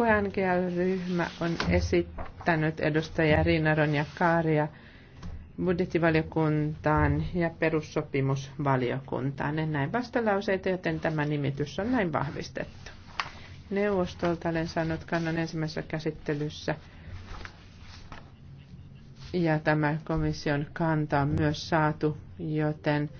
QNGL-ryhmä on esittänyt edustaja Riina Ronja Kaaria budjettivaliokuntaan ja perussopimusvaliokuntaan. En näin vastalauseita, joten tämä nimitys on näin vahvistettu. Neuvostolta olen saanut kannan ensimmäisessä käsittelyssä ja tämä komission kanta on myös saatu, joten